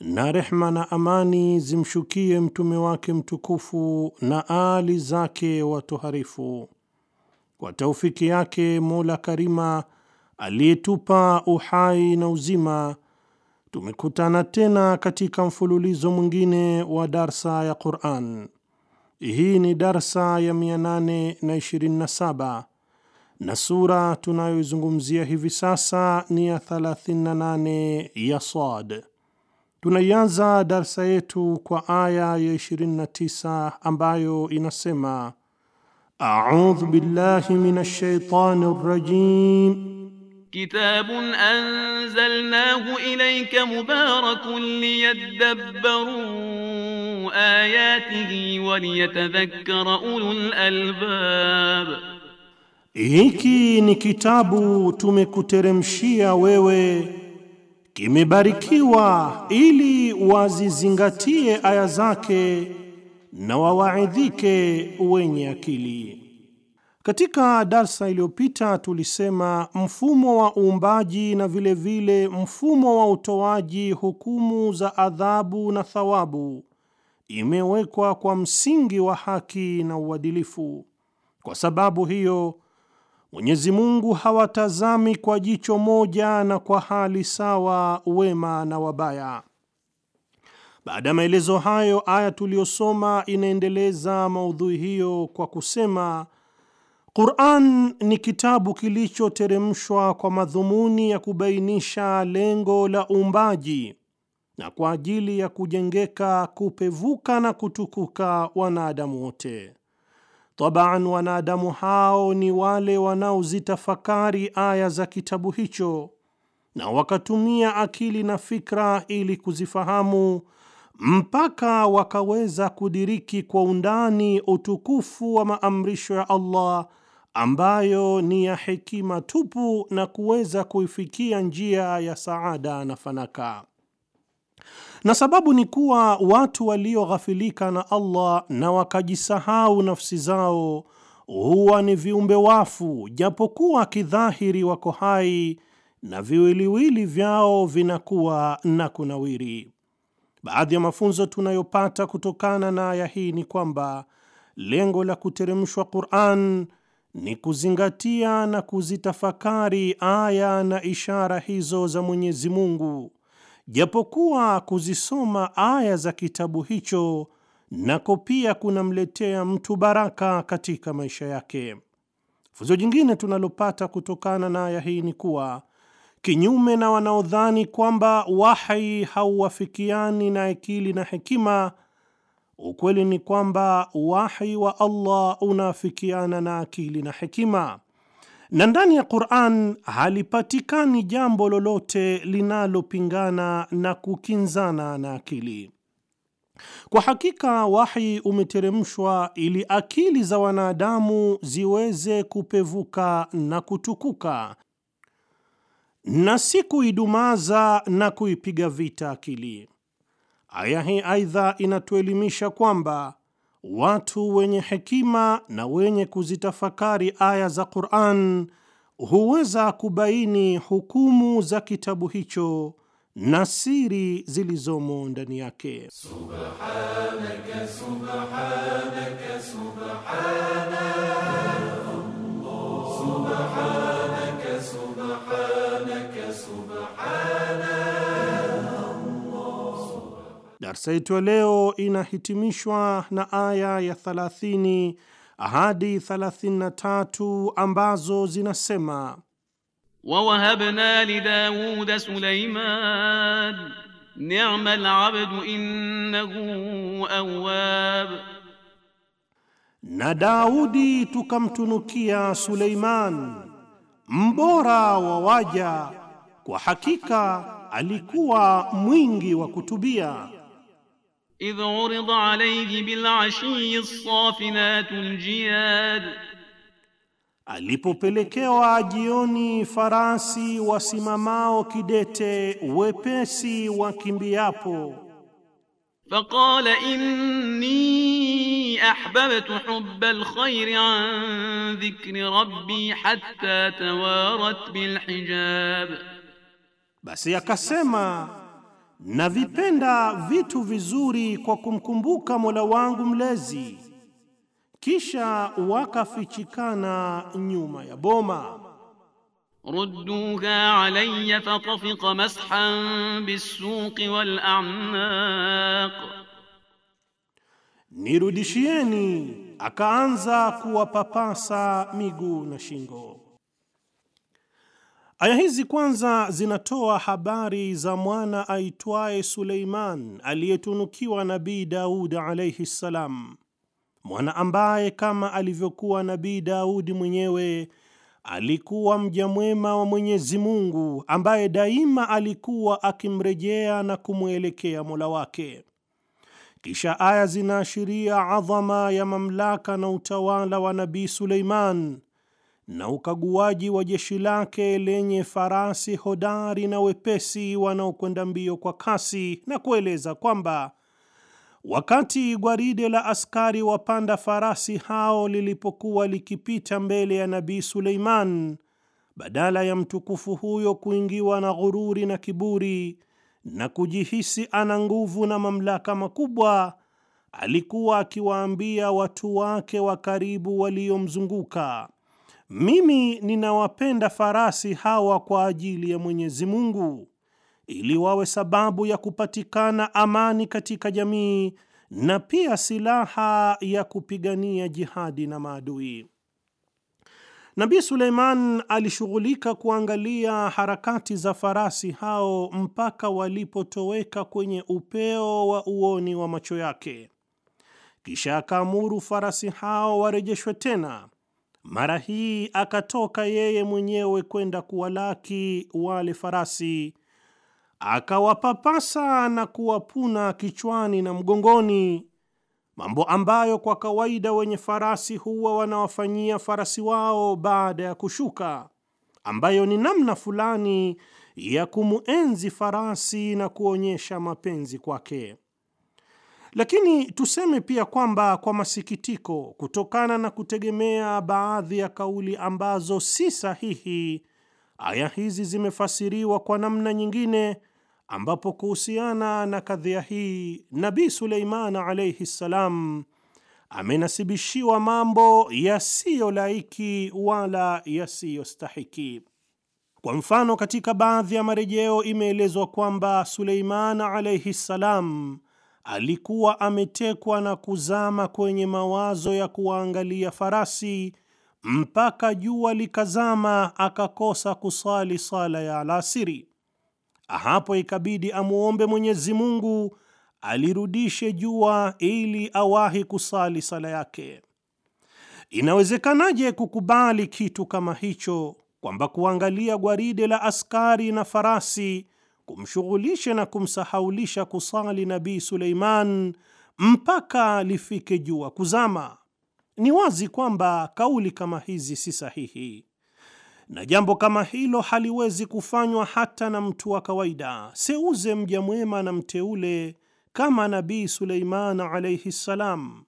na rehma na amani zimshukie mtume wake mtukufu na aali zake watoharifu. Kwa taufiki yake Mola Karima aliyetupa uhai na uzima, tumekutana tena katika mfululizo mwingine wa darsa ya Quran. Hii ni darsa ya 827 na sura tunayoizungumzia hivi sasa ni ya 38 ya Sad. Tunaianza darsa yetu kwa aya ya 29 ambayo inasema: audhu billahi minash shaitani rrajim Kitabun anzalnahu ilayka mubarakun liyadabbaru ayatihi wa liyatadhakkara ulul albab, hiki ni kitabu tumekuteremshia wewe kimebarikiwa ili wazizingatie aya zake na wawaidhike wenye akili. Katika darsa iliyopita tulisema mfumo wa uumbaji na vilevile vile mfumo wa utoaji hukumu za adhabu na thawabu imewekwa kwa msingi wa haki na uadilifu. Kwa sababu hiyo Mwenyezi Mungu hawatazami kwa jicho moja na kwa hali sawa wema na wabaya. Baada ya maelezo hayo, aya tuliyosoma inaendeleza maudhui hiyo kwa kusema Qur'an ni kitabu kilichoteremshwa kwa madhumuni ya kubainisha lengo la uumbaji na kwa ajili ya kujengeka, kupevuka na kutukuka wanadamu wote. Tabaan, wanadamu hao ni wale wanaozitafakari aya za kitabu hicho na wakatumia akili na fikra ili kuzifahamu mpaka wakaweza kudiriki kwa undani utukufu wa maamrisho ya Allah ambayo ni ya hekima tupu na kuweza kuifikia njia ya saada na fanaka na sababu ni kuwa watu walioghafilika na Allah na wakajisahau nafsi zao huwa ni viumbe wafu, japokuwa kidhahiri wako hai na viwiliwili vyao vinakuwa na kunawiri. Baadhi ya mafunzo tunayopata kutokana na aya hii ni kwamba lengo la kuteremshwa Qur'an ni kuzingatia na kuzitafakari aya na ishara hizo za Mwenyezi Mungu japokuwa kuzisoma aya za kitabu hicho nako pia kunamletea mtu baraka katika maisha yake. Funzo jingine tunalopata kutokana na aya hii ni kuwa kinyume na wanaodhani kwamba wahi hauwafikiani na akili na hekima, ukweli ni kwamba wahi wa Allah unaafikiana na akili na hekima na ndani ya Qur'an halipatikani jambo lolote linalopingana na kukinzana na akili. Kwa hakika wahi umeteremshwa ili akili za wanadamu ziweze kupevuka na kutukuka, na si kuidumaza na kuipiga vita akili. Aya hii aidha inatuelimisha kwamba watu wenye hekima na wenye kuzitafakari aya za Qur'an huweza kubaini hukumu za kitabu hicho na siri zilizomo ndani yake. Subhanaka, subhanaka, subhanaka. Subhanaka, subhanaka, subhanaka. Darsa yetu ya leo inahitimishwa na aya ya 30 hadi 33 ambazo zinasema: wawahabna lidauda Sulaiman nima labdu innahu awab na Daudi tukamtunukia Suleiman mbora wa waja, kwa hakika alikuwa mwingi wa kutubia. إذ عرض عليه بالعشي الصافنات الجياد Alipopelekewa jioni farasi wasimamao kidete wepesi wakimbiapo, فقال inni أحببت hubba الخير عن ذكر ربي حتى توارت بالحجاب, basi akasema Navipenda vitu vizuri kwa kumkumbuka Mola wangu mlezi, kisha wakafichikana nyuma ya boma. Rudduha alayya fatafika mashan bisuqi wal a'naq, nirudishieni. Akaanza kuwapapasa miguu na shingo. Aya hizi kwanza zinatoa habari za mwana aitwaye Suleiman aliyetunukiwa Nabii daudi alaihi ssalam, mwana ambaye kama alivyokuwa Nabii Daudi mwenyewe alikuwa mja mwema wa Mwenyezi Mungu ambaye daima alikuwa akimrejea na kumwelekea Mola wake. Kisha aya zinaashiria adhama ya mamlaka na utawala wa Nabii Suleiman na ukaguaji wa jeshi lake lenye farasi hodari na wepesi wanaokwenda mbio kwa kasi, na kueleza kwamba wakati gwaride la askari wapanda farasi hao lilipokuwa likipita mbele ya Nabii Suleiman, badala ya mtukufu huyo kuingiwa na ghururi na kiburi na kujihisi ana nguvu na mamlaka makubwa, alikuwa akiwaambia watu wake wa karibu waliomzunguka mimi ninawapenda farasi hawa kwa ajili ya Mwenyezi Mungu, ili wawe sababu ya kupatikana amani katika jamii na pia silaha ya kupigania jihadi na maadui. Nabii Suleiman alishughulika kuangalia harakati za farasi hao mpaka walipotoweka kwenye upeo wa uoni wa macho yake, kisha akaamuru farasi hao warejeshwe tena mara hii akatoka yeye mwenyewe kwenda kuwalaki wale farasi, akawapapasa na kuwapuna kichwani na mgongoni, mambo ambayo kwa kawaida wenye farasi huwa wanawafanyia farasi wao baada ya kushuka, ambayo ni namna fulani ya kumuenzi farasi na kuonyesha mapenzi kwake. Lakini tuseme pia kwamba kwa masikitiko, kutokana na kutegemea baadhi ya kauli ambazo si sahihi, aya hizi zimefasiriwa kwa namna nyingine, ambapo kuhusiana na kadhia hii Nabi Suleiman alaihi ssalam amenasibishiwa mambo yasiyolaiki wala yasiyostahiki. Kwa mfano, katika baadhi ya marejeo imeelezwa kwamba Suleiman alaihi ssalam alikuwa ametekwa na kuzama kwenye mawazo ya kuwaangalia farasi mpaka jua likazama, akakosa kusali sala ya alasiri. Hapo ikabidi amwombe Mwenyezi Mungu alirudishe jua ili awahi kusali sala yake. Inawezekanaje kukubali kitu kama hicho, kwamba kuangalia gwaride la askari na farasi kumshughulisha na kumsahaulisha kusali Nabii Suleiman mpaka lifike jua kuzama. Ni wazi kwamba kauli kama hizi si sahihi, na jambo kama hilo haliwezi kufanywa hata na mtu wa kawaida. Seuze mja mwema na mteule kama Nabii Suleiman alaihi ssalam,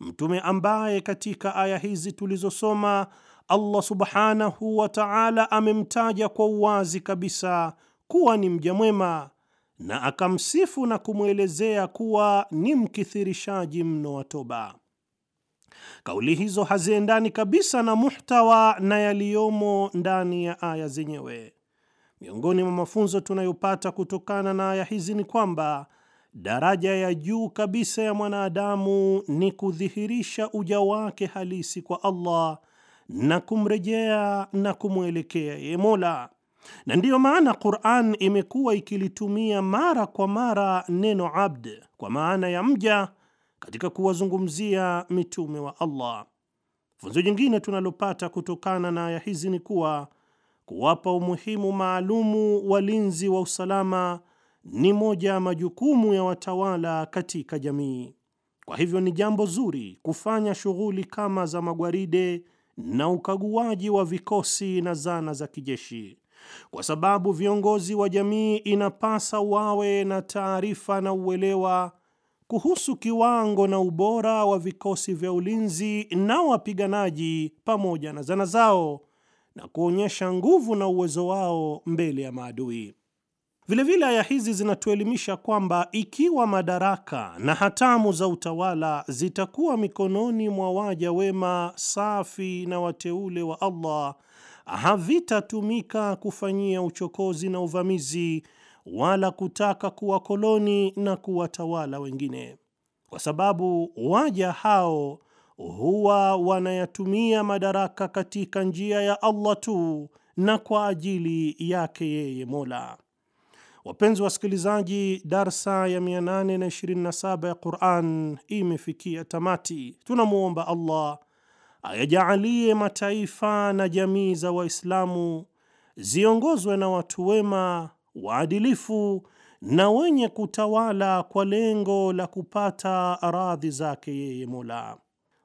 mtume ambaye katika aya hizi tulizosoma Allah subhanahu wa ta'ala amemtaja kwa uwazi kabisa kuwa ni mja mwema na akamsifu na kumwelezea kuwa ni mkithirishaji mno wa toba. Kauli hizo haziendani kabisa na muhtawa na yaliyomo ndani ya aya zenyewe. Miongoni mwa mafunzo tunayopata kutokana na aya hizi ni kwamba daraja ya juu kabisa ya mwanadamu ni kudhihirisha uja wake halisi kwa Allah na kumrejea na kumwelekea yeye Mola na ndiyo maana Qur'an imekuwa ikilitumia mara kwa mara neno abd kwa maana ya mja katika kuwazungumzia mitume wa Allah. Funzo jingine tunalopata kutokana na aya hizi ni kuwa kuwapa umuhimu maalumu walinzi wa usalama ni moja ya majukumu ya watawala katika jamii. Kwa hivyo ni jambo zuri kufanya shughuli kama za magwaride na ukaguaji wa vikosi na zana za kijeshi kwa sababu viongozi wa jamii inapasa wawe na taarifa na uelewa kuhusu kiwango na ubora wa vikosi vya ulinzi na wapiganaji pamoja na zana zao na kuonyesha nguvu na uwezo wao mbele ya maadui. Vilevile aya hizi zinatuelimisha kwamba ikiwa madaraka na hatamu za utawala zitakuwa mikononi mwa waja wema, safi na wateule wa Allah havitatumika kufanyia uchokozi na uvamizi wala kutaka kuwakoloni na kuwatawala wengine, kwa sababu waja hao huwa wanayatumia madaraka katika njia ya Allah tu na kwa ajili yake yeye Mola. Wapenzi wasikilizaji, darsa ya 827 ya Quran imefikia tamati. Tunamwomba Allah ayajaalie mataifa na jamii za Waislamu ziongozwe na watu wema, waadilifu na wenye kutawala kwa lengo la kupata radhi zake yeye Mola.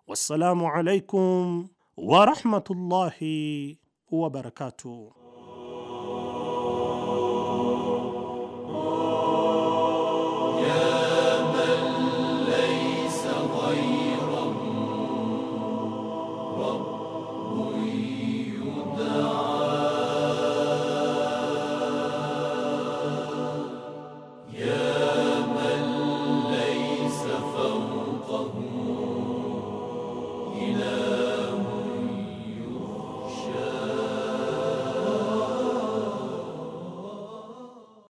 Wassalamu alaikum warahmatullahi wabarakatuh.